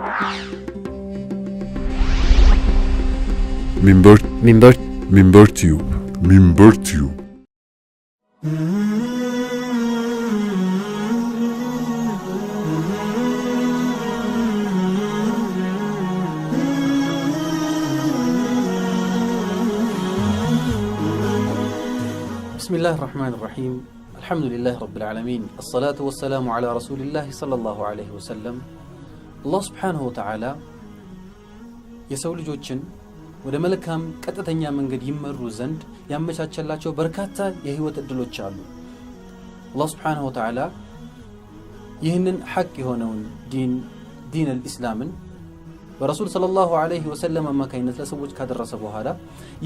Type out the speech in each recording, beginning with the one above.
بسم الله الرحمن الرحيم الحمد لله رب العالمين الصلاة والسلام على رسول الله صلى الله عليه وسلم አላህ ስብሓንሁ ወተዓላ የሰው ልጆችን ወደ መልካም ቀጥተኛ መንገድ ይመሩ ዘንድ ያመቻቸላቸው በርካታ የህይወት እድሎች አሉ። አላህ ስብሓንሁ ወተዓላ ይህንን ሐቅ የሆነውን ዲን ዲን አልኢስላምን በረሱል ሰለላሁ ዐለይሂ ወሰለም አማካኝነት ለሰዎች ካደረሰ በኋላ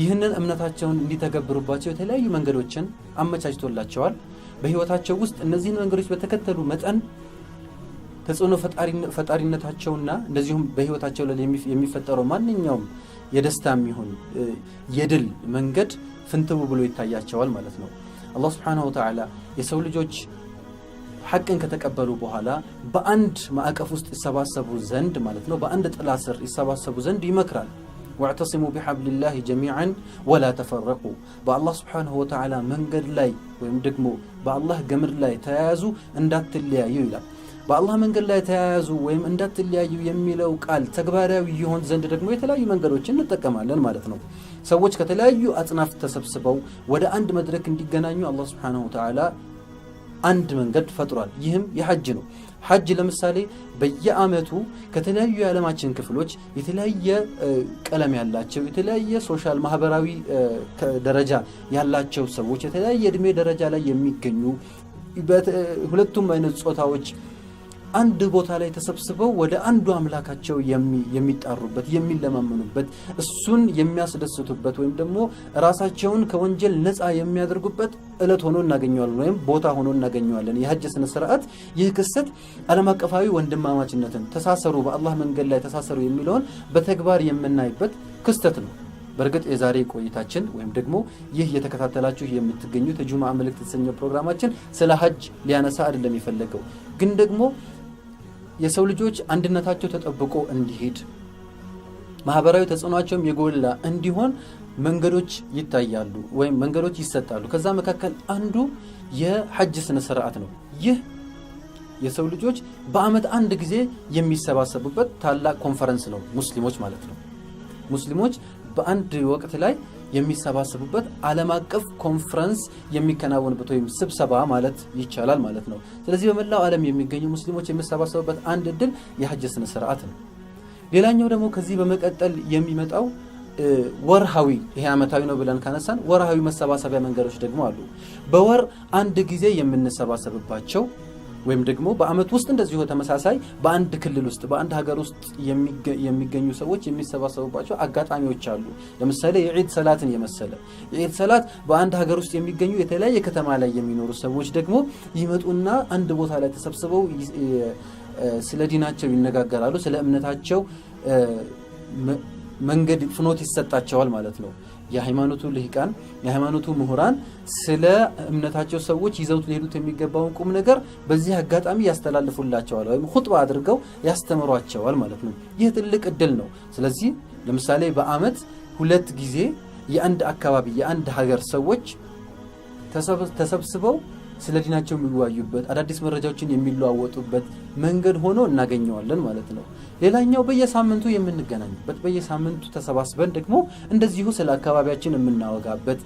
ይህንን እምነታቸውን እንዲተገብሩባቸው የተለያዩ መንገዶችን አመቻችቶላቸዋል። በህይወታቸው ውስጥ እነዚህን መንገዶች በተከተሉ መጠን ተጽዕኖ ፈጣሪነታቸውና እንደዚሁም በህይወታቸው ላይ የሚፈጠረው ማንኛውም የደስታ የሚሆን የድል መንገድ ፍንትው ብሎ ይታያቸዋል ማለት ነው። አላህ ስብሓነሁ ወተዓላ የሰው ልጆች ሐቅን ከተቀበሉ በኋላ በአንድ ማዕቀፍ ውስጥ ይሰባሰቡ ዘንድ ማለት ነው፣ በአንድ ጥላ ስር ይሰባሰቡ ዘንድ ይመክራል። ወዕተሲሙ ቢሐብሊላሂ ጀሚዓን ወላ ተፈረቁ። በአላህ ስብሓነሁ ወተዓላ መንገድ ላይ ወይም ደግሞ በአላህ ገመድ ላይ ተያያዙ እንዳትለያዩ ይላል። በአላህ መንገድ ላይ ተያያዙ ወይም እንዳትለያዩ የሚለው ቃል ተግባራዊ ይሆን ዘንድ ደግሞ የተለያዩ መንገዶችን እንጠቀማለን ማለት ነው። ሰዎች ከተለያዩ አጽናፍ ተሰብስበው ወደ አንድ መድረክ እንዲገናኙ አላህ ሱብሓነሁ ወተዓላ አንድ መንገድ ፈጥሯል። ይህም የሐጅ ነው። ሐጅ ለምሳሌ በየዓመቱ ከተለያዩ የዓለማችን ክፍሎች የተለያየ ቀለም ያላቸው የተለያየ ሶሻል ማህበራዊ ደረጃ ያላቸው ሰዎች የተለያየ እድሜ ደረጃ ላይ የሚገኙ ሁለቱም አይነት ጾታዎች አንድ ቦታ ላይ ተሰብስበው ወደ አንዱ አምላካቸው የሚጣሩበት የሚለማመኑበት እሱን የሚያስደስቱበት ወይም ደግሞ ራሳቸውን ከወንጀል ነፃ የሚያደርጉበት እለት ሆኖ እናገኘዋለን ወይም ቦታ ሆኖ እናገኘዋለን። የሐጅ ስነ ስርዓት ይህ ክስተት ዓለም አቀፋዊ ወንድማማችነትን ተሳሰሩ፣ በአላህ መንገድ ላይ ተሳሰሩ የሚለውን በተግባር የምናይበት ክስተት ነው። በእርግጥ የዛሬ ቆይታችን ወይም ደግሞ ይህ የተከታተላችሁ የምትገኙት የጁምዓ መልእክት የተሰኘው ፕሮግራማችን ስለ ሀጅ ሊያነሳ አይደለም የፈለገው ግን ደግሞ የሰው ልጆች አንድነታቸው ተጠብቆ እንዲሄድ ማህበራዊ ተጽዕኖቸውም የጎላ እንዲሆን መንገዶች ይታያሉ ወይም መንገዶች ይሰጣሉ። ከዛ መካከል አንዱ የሐጅ ስነ ስርዓት ነው። ይህ የሰው ልጆች በአመት አንድ ጊዜ የሚሰባሰቡበት ታላቅ ኮንፈረንስ ነው። ሙስሊሞች ማለት ነው። ሙስሊሞች በአንድ ወቅት ላይ የሚሰባሰቡበት ዓለም አቀፍ ኮንፈረንስ የሚከናወንበት ወይም ስብሰባ ማለት ይቻላል ማለት ነው። ስለዚህ በመላው ዓለም የሚገኙ ሙስሊሞች የሚሰባሰቡበት አንድ እድል የሐጅ ስነ ስርዓት ነው። ሌላኛው ደግሞ ከዚህ በመቀጠል የሚመጣው ወርሃዊ ይሄ ዓመታዊ ነው ብለን ካነሳን ወርሃዊ መሰባሰቢያ መንገዶች ደግሞ አሉ። በወር አንድ ጊዜ የምንሰባሰብባቸው ወይም ደግሞ በአመት ውስጥ እንደዚሁ ተመሳሳይ በአንድ ክልል ውስጥ በአንድ ሀገር ውስጥ የሚገኙ ሰዎች የሚሰባሰቡባቸው አጋጣሚዎች አሉ። ለምሳሌ የዒድ ሰላትን የመሰለ የዒድ ሰላት በአንድ ሀገር ውስጥ የሚገኙ የተለያየ ከተማ ላይ የሚኖሩ ሰዎች ደግሞ ይመጡና አንድ ቦታ ላይ ተሰብስበው ስለ ዲናቸው ይነጋገራሉ፣ ስለ እምነታቸው መንገድ ፍኖት ይሰጣቸዋል ማለት ነው። የሃይማኖቱ ልሂቃን የሃይማኖቱ ምሁራን ስለ እምነታቸው ሰዎች ይዘውት ሊሄዱት የሚገባውን ቁም ነገር በዚህ አጋጣሚ ያስተላልፉላቸዋል ወይም ሁጥባ አድርገው ያስተምሯቸዋል ማለት ነው። ይህ ትልቅ እድል ነው። ስለዚህ ለምሳሌ በዓመት ሁለት ጊዜ የአንድ አካባቢ የአንድ ሀገር ሰዎች ተሰብስበው ስለ ዲናቸው የሚወያዩበት አዳዲስ መረጃዎችን የሚለዋወጡበት መንገድ ሆኖ እናገኘዋለን ማለት ነው። ሌላኛው በየሳምንቱ የምንገናኝበት በየሳምንቱ ተሰባስበን ደግሞ እንደዚሁ ስለ አካባቢያችን የምናወጋበት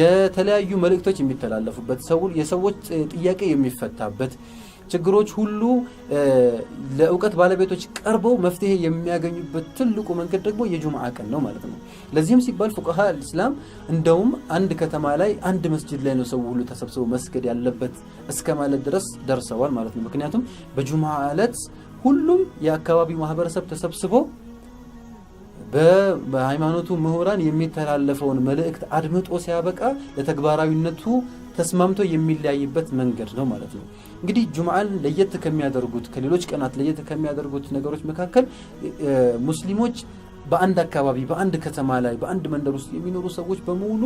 የተለያዩ መልእክቶች የሚተላለፉበት ሰው የሰዎች ጥያቄ የሚፈታበት ችግሮች ሁሉ ለእውቀት ባለቤቶች ቀርበው መፍትሄ የሚያገኙበት ትልቁ መንገድ ደግሞ የጁምዓ ቀን ነው ማለት ነው። ለዚህም ሲባል ፉቀሃ አልእስላም እንደውም አንድ ከተማ ላይ አንድ መስጅድ ላይ ነው ሰው ሁሉ ተሰብስበው መስገድ ያለበት እስከ ማለት ድረስ ደርሰዋል ማለት ነው። ምክንያቱም በጁምዓ ዕለት ሁሉም የአካባቢው ማህበረሰብ ተሰብስቦ በሃይማኖቱ ምሁራን የሚተላለፈውን መልእክት አድምጦ ሲያበቃ ለተግባራዊነቱ ተስማምቶ የሚለያይበት መንገድ ነው ማለት ነው። እንግዲህ ጁምዓን ለየት ከሚያደርጉት ከሌሎች ቀናት ለየት ከሚያደርጉት ነገሮች መካከል ሙስሊሞች በአንድ አካባቢ በአንድ ከተማ ላይ በአንድ መንደር ውስጥ የሚኖሩ ሰዎች በሙሉ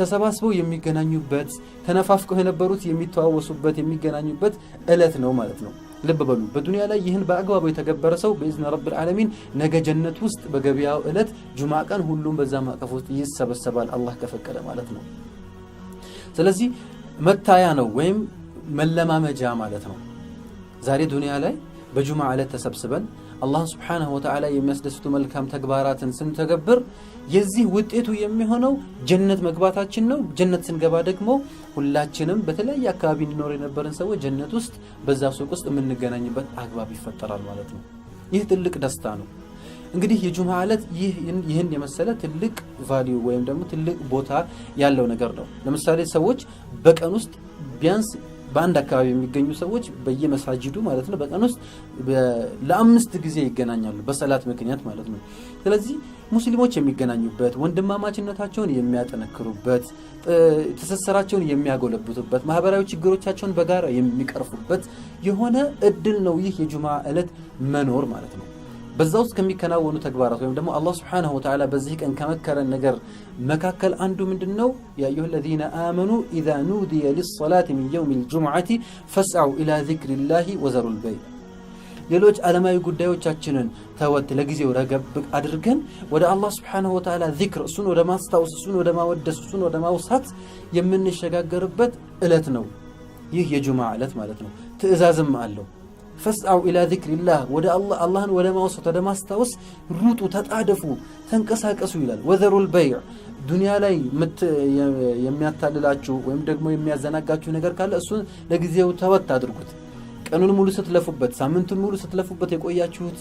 ተሰባስበው የሚገናኙበት ተነፋፍቀው የነበሩት የሚተዋወሱበት የሚገናኙበት እለት ነው ማለት ነው። ልብ በሉ። በዱንያ ላይ ይህን በአግባቡ የተገበረ ሰው በኢዝነ ረብል ዓለሚን ነገ ጀነት ውስጥ በገበያው ዕለት ጁማ ቀን ሁሉም በዛ ማዕቀፍ ውስጥ ይሰበሰባል፣ አላህ ከፈቀደ ማለት ነው። ስለዚህ መታያ ነው ወይም መለማመጃ ማለት ነው። ዛሬ ዱንያ ላይ በጁማ ዕለት ተሰብስበን አላህን ስብሓነሁ ወተዓላ የሚያስደስቱ መልካም ተግባራትን ስንተገብር የዚህ ውጤቱ የሚሆነው ጀነት መግባታችን ነው። ጀነት ስንገባ ደግሞ ሁላችንም በተለያየ አካባቢ እንዲኖር የነበርን ሰዎች ጀነት ውስጥ በዛ ሱቅ ውስጥ የምንገናኝበት አግባብ ይፈጠራል ማለት ነው። ይህ ትልቅ ደስታ ነው። እንግዲህ የጁምዓ ዕለት ይህን የመሰለ ትልቅ ቫሊዩ ወይም ደግሞ ትልቅ ቦታ ያለው ነገር ነው። ለምሳሌ ሰዎች በቀን ውስጥ ቢያንስ በአንድ አካባቢ የሚገኙ ሰዎች በየመሳጅዱ ማለት ነው በቀን ውስጥ ለአምስት ጊዜ ይገናኛሉ፣ በሰላት ምክንያት ማለት ነው። ስለዚህ ሙስሊሞች የሚገናኙበት ወንድማማችነታቸውን የሚያጠነክሩበት ትስስራቸውን የሚያጎለብቱበት ማህበራዊ ችግሮቻቸውን በጋራ የሚቀርፉበት የሆነ እድል ነው ይህ የጁማ ዕለት መኖር ማለት ነው። በዛ ውስጥ ከሚከናወኑ ተግባራት ወይም ደግሞ አላህ ስብሓነሁ ወተዓላ በዚህ ቀን ከመከረን ነገር መካከል አንዱ ምንድን ነው? ያ ለዚነ አመኑ ኢዛ ኑዲየ ሊሰላቲ ሚን የውሚ ልጁምዓቲ ፈስዐው ኢላ ዚክሪላሂ ወዘሩል በይ። ሌሎች ዓለማዊ ጉዳዮቻችንን ተወት ለጊዜው ረገብ አድርገን ወደ አላህ ስብሓነሁ ወተዓላ ዚክር፣ እሱን ወደ ማስታወስ፣ እሱን ወደ ማወደስ፣ እሱን ወደ ማውሳት የምንሸጋገርበት እለት ነው። ይህ የጁምዓ እለት ማለት ነው። ትእዛዝም አለው ፈስዐው ኢላ ዚክሪላህ ወደ አላህን ወደ ማውሳት ወደ ማስታወስ ሩጡ፣ ተጣደፉ፣ ተንቀሳቀሱ ይላል። ወዘሩል በይዕ ዱንያ ላይ የሚያታልላችሁ ወይም ደግሞ የሚያዘናጋችሁ ነገር ካለ እሱን ለጊዜው ተወት አድርጉት። ቀኑን ሙሉ ስትለፉበት፣ ሳምንቱን ሙሉ ስትለፉበት የቆያችሁት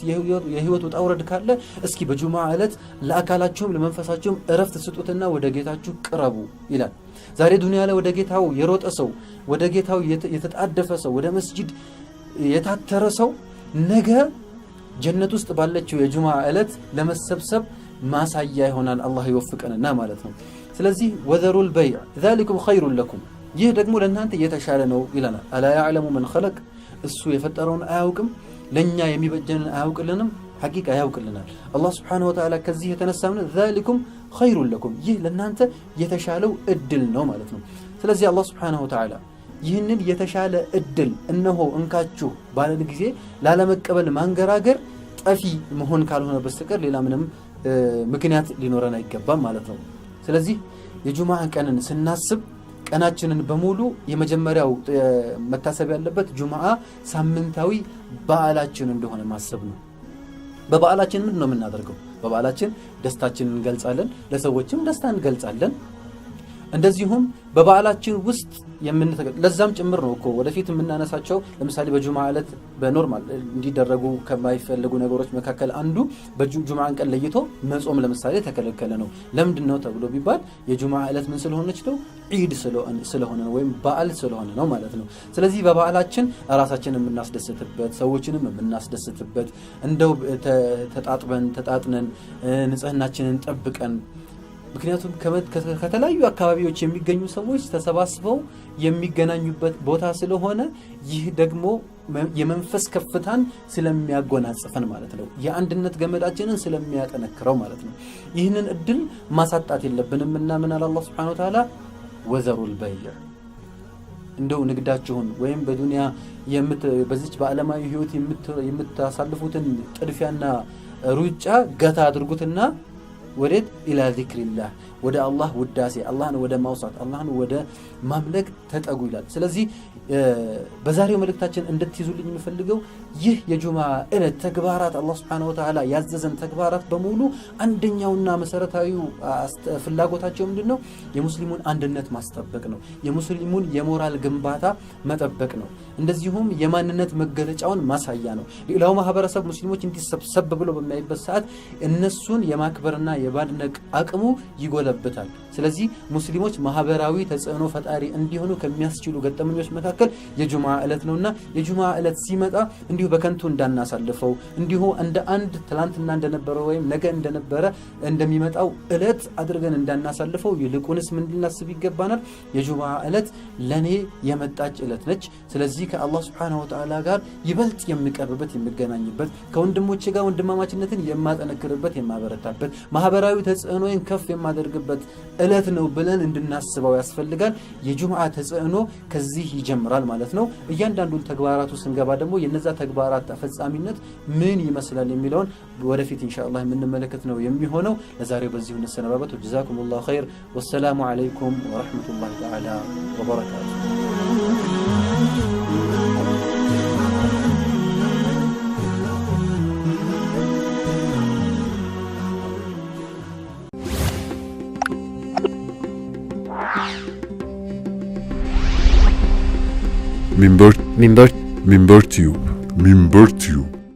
የህይወት ውጣ ውረድ ካለ እስኪ በጁሙዓ ዕለት ለአካላችሁም ለመንፈሳችሁም እረፍት ስጡትና ወደ ጌታችሁ ቅረቡ ይላል። ዛሬ ዱንያ ላይ ወደ ጌታው የሮጠ ሰው፣ ወደ ጌታው የተጣደፈ ሰው፣ ወደ መስጂድ የታተረ ሰው ነገ ጀነት ውስጥ ባለችው የጁማ ዕለት ለመሰብሰብ ማሳያ ይሆናል። አላህ ይወፍቀንና ማለት ነው። ስለዚህ ወዘሩል በይዕ ዛሊኩም ኸይሩን ለኩም፣ ይህ ደግሞ ለእናንተ እየተሻለ ነው ይለናል። አላ ያዕለሙ መን ኸለቅ፣ እሱ የፈጠረውን አያውቅም? ለእኛ የሚበጀንን አያውቅልንም? ሐቂቃ ያውቅልናል። አላህ ስብሓነሁ ወተዓላ ከዚህ የተነሳ ምን ዛሊኩም ኸይሩን ለኩም፣ ይህ ለእናንተ የተሻለው እድል ነው ማለት ነው። ስለዚህ አላህ ስብሓነሁ ወተዓላ ይህንን የተሻለ እድል እነሆ እንካችሁ ባለን ጊዜ ላለመቀበል ማንገራገር ጠፊ መሆን ካልሆነ በስተቀር ሌላ ምንም ምክንያት ሊኖረን አይገባም ማለት ነው። ስለዚህ የጁማ ቀንን ስናስብ ቀናችንን በሙሉ የመጀመሪያው መታሰብ ያለበት ጁምአ ሳምንታዊ በዓላችን እንደሆነ ማሰብ ነው። በበዓላችን ምንድን ነው የምናደርገው? በበዓላችን ደስታችንን እንገልጻለን፣ ለሰዎችም ደስታ እንገልጻለን። እንደዚሁም በበዓላችን ውስጥ የምንተገ ለዛም ጭምር ነው እኮ ወደፊት የምናነሳቸው ለምሳሌ በጁማ ዕለት በኖርማል እንዲደረጉ ከማይፈልጉ ነገሮች መካከል አንዱ በጁማን ቀን ለይቶ መጾም ለምሳሌ ተከለከለ ነው። ለምንድን ነው ተብሎ ቢባል የጁማ ዕለት ምን ስለሆነች ነው? ዒድ ስለሆነ ነው፣ ወይም በዓል ስለሆነ ነው ማለት ነው። ስለዚህ በበዓላችን ራሳችን የምናስደስትበት፣ ሰዎችንም የምናስደስትበት እንደው ተጣጥበን ተጣጥነን ንጽህናችንን ጠብቀን ምክንያቱም ከተለያዩ አካባቢዎች የሚገኙ ሰዎች ተሰባስበው የሚገናኙበት ቦታ ስለሆነ ይህ ደግሞ የመንፈስ ከፍታን ስለሚያጎናጽፈን ማለት ነው። የአንድነት ገመዳችንን ስለሚያጠነክረው ማለት ነው። ይህንን እድል ማሳጣት የለብንም እና ምን አለ አላህ ሱብሓነሁ ወተዓላ ወዘሩል እንደው ንግዳችሁን ወይም በዱኒያ በዚች በዓለማዊ ህይወት የምታሳልፉትን ጥድፊያና ሩጫ ገታ አድርጉትና ورد إلى ذكر الله ወደ አላህ ውዳሴ፣ አላህን ወደ ማውሳት፣ አላህን ወደ ማምለክ ተጠጉ ይላል። ስለዚህ በዛሬው መልእክታችን እንድትይዙልኝ የምፈልገው ይህ የጁማ ዕለት ተግባራት አላህ ስብሐነሁ ወተዓላ ያዘዘን ተግባራት በሙሉ አንደኛውና መሰረታዊ ፍላጎታቸው ምንድን ነው? የሙስሊሙን አንድነት ማስጠበቅ ነው። የሙስሊሙን የሞራል ግንባታ መጠበቅ ነው። እንደዚሁም የማንነት መገለጫውን ማሳያ ነው። ሌላው ማህበረሰብ ሙስሊሞች እንዲሰብሰብ ብሎ በሚያይበት ሰዓት እነሱን የማክበርና የማድነቅ አቅሙ ይጎላል። ይሰነብታል። ስለዚህ ሙስሊሞች ማህበራዊ ተጽዕኖ ፈጣሪ እንዲሆኑ ከሚያስችሉ ገጠመኞች መካከል የጁማ ዕለት ነውና የጁማ ዕለት ሲመጣ እንዲሁ በከንቱ እንዳናሳልፈው እንዲሁ እንደ አንድ ትላንትና እንደነበረ ወይም ነገ እንደነበረ እንደሚመጣው ዕለት አድርገን እንዳናሳልፈው ይልቁንስ ምን ልናስብ ይገባናል? የጁማ ዕለት ለእኔ የመጣች ዕለት ነች። ስለዚህ ከአላህ ስብሓነሁ ወተዓላ ጋር ይበልጥ የሚቀርበት የሚገናኝበት ከወንድሞች ጋር ወንድማማችነትን የማጠነክርበት የማበረታበት ማህበራዊ ተጽዕኖን ከፍ የማደርግበት የምንደርስበት እለት ነው ብለን እንድናስበው ያስፈልጋል። የጁምዓ ተጽዕኖ ከዚህ ይጀምራል ማለት ነው። እያንዳንዱን ተግባራቱ ስንገባ ደግሞ የነዛ ተግባራት ተፈጻሚነት ምን ይመስላል የሚለውን ወደፊት ኢንሻአላህ የምንመለከት ነው የሚሆነው። ለዛሬው በዚሁ እንሰነባበት። ጀዛኩም ኸይር። ወሰላሙ ዓለይኩም ወረሕመቱላሂ ተዓላ ወበረካቱ Mimbert, mimbert, Minbertium Minbertium